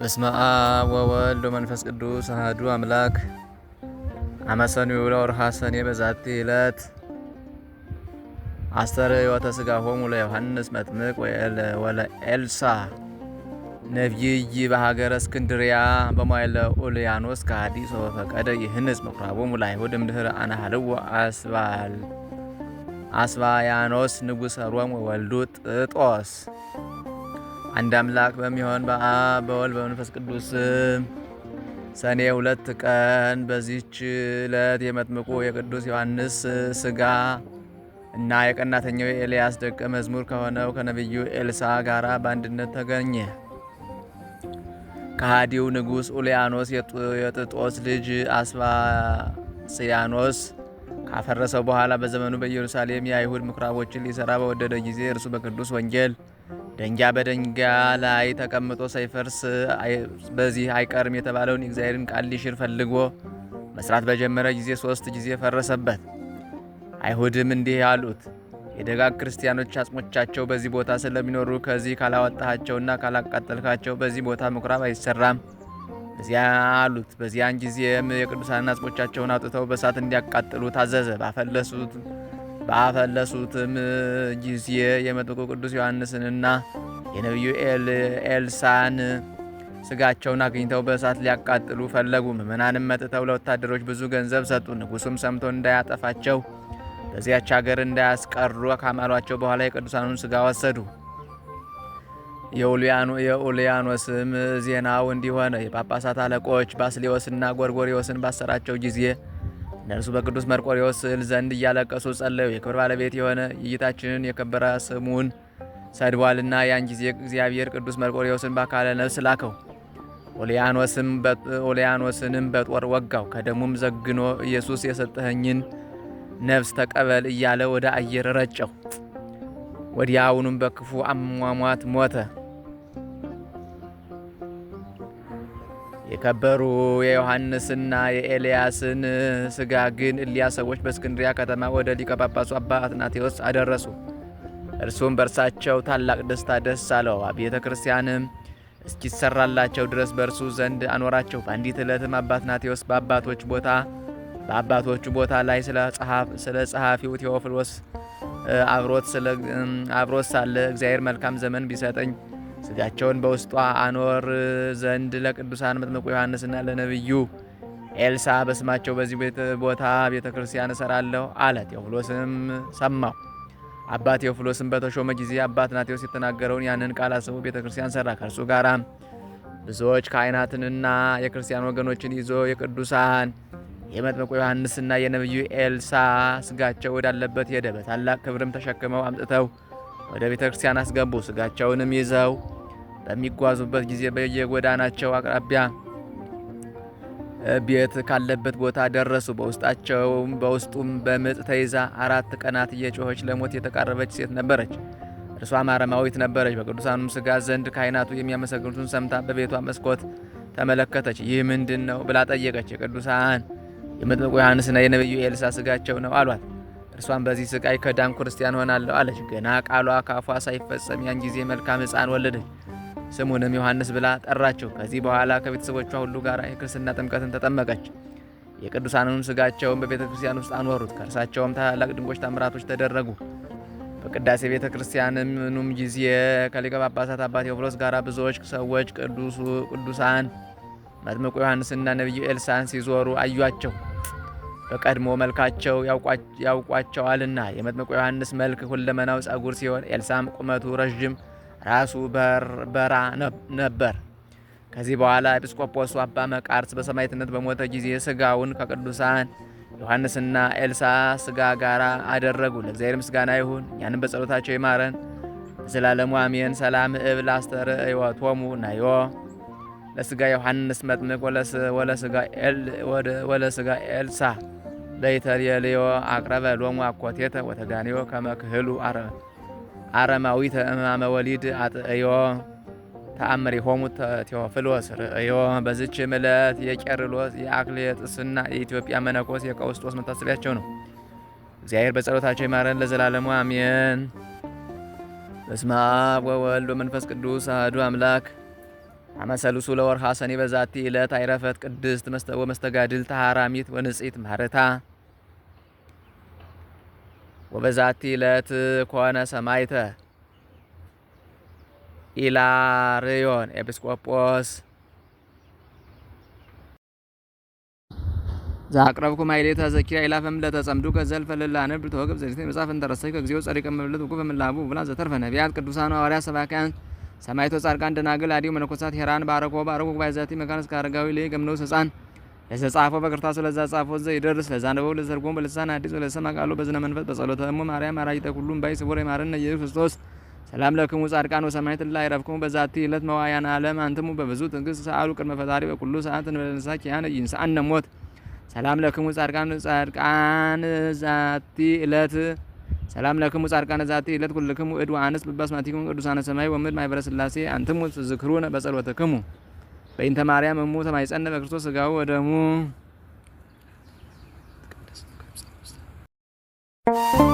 በስመ አብ ወወልድ ወመንፈስ ቅዱስ አህዱ አምላክ። አመ ሰኒኡ ለወርኃ ሰኔ በዛቲ ዕለት አስተርእዮተ ሥጋሆሙ ለዮሐንስ መጥምቅ ወለኤልሳ ነቢይ በሀገረ እስክንድሪያ በማይለ ኡልያኖስ ከሃዲ ሶበ ፈቀደ ይህንጽ ምኵራቦሙ ለአይሁድ እምድኅረ አስባል አስባያኖስ ንጉሠ ሮም ወወልዱ ጥጦስ አንድ አምላክ በሚሆን በአብ በወልድ በመንፈስ ቅዱስ ሰኔ ሁለት ቀን በዚች ዕለት የመጥምቁ የቅዱስ ዮሐንስ ስጋ እና የቀናተኛው የኤልያስ ደቀ መዝሙር ከሆነው ከነቢዩ ኤልሳ ጋር በአንድነት ተገኘ። ከሃዲው ንጉሥ ኡልያኖስ የጥጦስ ልጅ አስፋስያኖስ ካፈረሰው በኋላ በዘመኑ በኢየሩሳሌም የአይሁድ ምኩራቦችን ሊሰራ በወደደ ጊዜ እርሱ በቅዱስ ወንጌል ደንጊያ በደንጊያ ላይ ተቀምጦ ሳይፈርስ በዚህ አይቀርም የተባለውን የእግዚአብሔርን ቃል ሊሽር ፈልጎ መስራት በጀመረ ጊዜ ሶስት ጊዜ ፈረሰበት። አይሁድም እንዲህ ያሉት የደጋግ ክርስቲያኖች አጽሞቻቸው በዚህ ቦታ ስለሚኖሩ ከዚህ ካላወጣቸውና ካላቃጠልካቸው በዚህ ቦታ ምኩራብ አይሰራም በዚያ አሉት። በዚያን ጊዜም የቅዱሳን አጽሞቻቸውን አውጥተው በእሳት እንዲያቃጥሉ ታዘዘ። ባፈለሱት ባፈለሱትም ጊዜ የመጥምቁ ቅዱስ ዮሐንስንና የነቢዩ ኤልሳን ስጋቸውን አግኝተው በእሳት ሊያቃጥሉ ፈለጉ። ምዕመናንም መጥተው ለወታደሮች ብዙ ገንዘብ ሰጡ። ንጉሱም ሰምቶ እንዳያጠፋቸው በዚያች ሀገር እንዳያስቀሩ ካማሏቸው በኋላ የቅዱሳኑን ስጋ ወሰዱ። የኡልያኖስም ዜናው እንዲሆነ የጳጳሳት አለቆች ባስሌዎስና ጎርጎሪዎስን ባሰራቸው ጊዜ እነርሱ በቅዱስ መርቆሪዎስ ስዕል ዘንድ እያለቀሱ ጸለዩ። የክብር ባለቤት የሆነ እይታችንን የከበረ ስሙን ሰድቧልና ያን ጊዜ እግዚአብሔር ቅዱስ መርቆሪዎስን በአካለ ነፍስ ላከው። ኦሊያኖስንም በጦር ወጋው። ከደሙም ዘግኖ ኢየሱስ የሰጠኸኝን ነፍስ ተቀበል እያለ ወደ አየር ረጨው። ወዲያውኑም በክፉ አሟሟት ሞተ። የከበሩ የዮሐንስና የኤልያስን ስጋ ግን እሊያ ሰዎች በእስክንድሪያ ከተማ ወደ ሊቀ ጳጳሱ አባ አትናቴዎስ አደረሱ። እርሱም በእርሳቸው ታላቅ ደስታ ደስ አለው። ቤተ ክርስቲያንም እስኪሰራላቸው ድረስ በእርሱ ዘንድ አኖራቸው። በአንዲት ዕለትም አባ አትናቴዎስ በአባቶች ቦታ በአባቶቹ ቦታ ላይ ስለ ጸሐፊው ቴዎፍሎስ አብሮት ሳለ እግዚአብሔር መልካም ዘመን ቢሰጠኝ ስጋቸውን በውስጧ አኖር ዘንድ ለቅዱሳን መጥምቁ ዮሐንስና ለነቢዩ ኤልሳ በስማቸው በዚህ ቦታ ቤተ ክርስቲያን እሰራለሁ አለ። ቴዎፍሎስም ሰማው። አባ ቴዎፍሎስም በተሾመ ጊዜ አባ አትናቴዎስ የተናገረውን ያንን ቃል አስቦ ቤተ ክርስቲያን ሰራ። ከእርሱ ጋራ ብዙዎች ካህናትንና የክርስቲያን ወገኖችን ይዞ የቅዱሳን የመጥምቁ ዮሐንስና የነቢዩ ኤልሳ ስጋቸው ወዳለበት ሄደ። በታላቅ ክብርም ተሸክመው አምጥተው ወደ ቤተ ክርስቲያን አስገቡ። ስጋቸውንም ይዘው በሚጓዙበት ጊዜ በየጎዳናቸው አቅራቢያ ቤት ካለበት ቦታ ደረሱ። በውስጣቸውም በውስጡም በምጥ ተይዛ አራት ቀናት እየጮኸች ለሞት የተቃረበች ሴት ነበረች። እርሷም አረማዊት ነበረች። በቅዱሳኑም ስጋ ዘንድ ካህናቱ የሚያመሰግኑትን ሰምታ በቤቷ መስኮት ተመለከተች። ይህ ምንድን ነው ብላ ጠየቀች። የቅዱሳን የመጥምቁ ዮሐንስና የነቢዩ ኤልሳ ስጋቸው ነው አሏት። እርሷን በዚህ ስቃይ ከዳን ክርስቲያን ሆናለሁ አለች። ገና ቃሏ ካፏ ሳይፈጸም ያን ጊዜ መልካም ሕፃን ወለደች። ስሙንም ዮሐንስ ብላ ጠራቸው። ከዚህ በኋላ ከቤተሰቦቿ ሁሉ ጋር የክርስትና ጥምቀትን ተጠመቀች። የቅዱሳኑን ስጋቸውን በቤተ ክርስቲያን ውስጥ አኖሩት። ከእርሳቸውም ታላላቅ ድንቆች ታምራቶች ተደረጉ። በቅዳሴ ቤተ ክርስቲያንም ጊዜ ከሊቀ ጳጳሳት አባ ቴዎፍሎስ ጋር ብዙዎች ሰዎች ቅዱሳን መጥምቁ ዮሐንስና ነቢዩ ኤልሳን ሲዞሩ አዩቸው። በቀድሞ መልካቸው ያውቋቸዋልና። የመጥምቁ ዮሐንስ መልክ ሁለመናው ጸጉር ሲሆን ኤልሳም ቁመቱ ረዥም ራሱ በራ ነበር። ከዚህ በኋላ ኤጲስቆጶሱ አባ መቃርስ በሰማዕትነት በሞተ ጊዜ ስጋውን ከቅዱሳን ዮሐንስና ኤልሳ ስጋ ጋር አደረጉ። ለእግዚአብሔር ምስጋና ይሁን፣ እኛንም በጸሎታቸው ይማረን ዘላለሙ አሜን። ሰላም እብል አስተርእዮቶሙ ናዮ ለስጋ ዮሐንስ መጥምቅ ወለስጋ ኤልሳ ለኢተልዮ አቅረበ ሎሙ አኮቴተ ወተዳንዮ ከመክህሉ አረማዊተ እማመ ወሊድ አጥዮ ተአምር ሆሙ ቴዎፍሎስ ርእዮ። በዝች ዕለት የቄርሎስ የአክሌጥስና የኢትዮጵያ መነኮስ የቀውስጦስ መታሰቢያቸው ነው። እግዚአብሔር በጸሎታቸው ይማረን ለዘላለሙ አሜን። በስመ አብ ወወልድ ወመንፈስ ቅዱስ አህዱ አምላክ አመሰልሱ ለወርሃ ሰኔ በዛቲ ዕለት አይረፈት ቅድስት መስተጋድል ተሃራሚት ወንጽሕት ማረታ ወበዛቲ ዕለት ኮነ ሰማይተ ኢላርዮን ኤጲስቆጶስ ዛቅረብኩ ማይሌታ ዘኪራ ኢላፈም ለተጸምዱ ከዘልፈ ነብር ተወግብ ዘዲት መጻፍ እንተረሰይ ከግዚኦ ጸሪቀ መብለት ወቁ በመላቡ ብላ ዘተርፈ ነቢያት ቅዱሳን ሐዋርያ ሰባካያን ሰማይቶ ጻድቃን ደናግል አዲው መነኮሳት ሄራን ባረኮ ባረኮ ጉባኤ ዛቲ መካን እስከ ገምነው ሰጻን ለተጻፈው በክርታስ ለዛ ጻፈው ዘ ይደርስ ለዛ ለዘርጎም በልሳን አዲስ ለሰማ ቃሉ በዝነ መንፈስ በጸሎተ እሙ ማርያም አራጅተ ሁሉም ባይ ስቡር የማረነ ኢየሱስ ክርስቶስ ሰላም ለክሙ ጻድቃን ወሰማዕት ላይ ረፍክሙ በዛቲ ዕለት መዋያን ዓለም አንትሙ በብዙ ትዕግስት ሰአሉ ቅድመ ፈጣሪ በኩሉ ሰዓት እንበለንሳ ኪያነ ይንሳአነ ሞት ሰላም ለክሙ ጻድቃን ጻድቃን ዛቲ ዕለት ሰላም ለክሙ ጻድቃነ ዛቲ ዕለት ኩልክሙ እድ ወአንስ በበስማቲክሙ ቅዱሳነ ሰማይ ወምድ ማይበረ ስላሴ አንትሙ ዝክሩነ በጸሎትክሙ በእንተ ማርያም እሙ ተማይጸነ በክርስቶስ ሥጋው ወደሙ Thank you.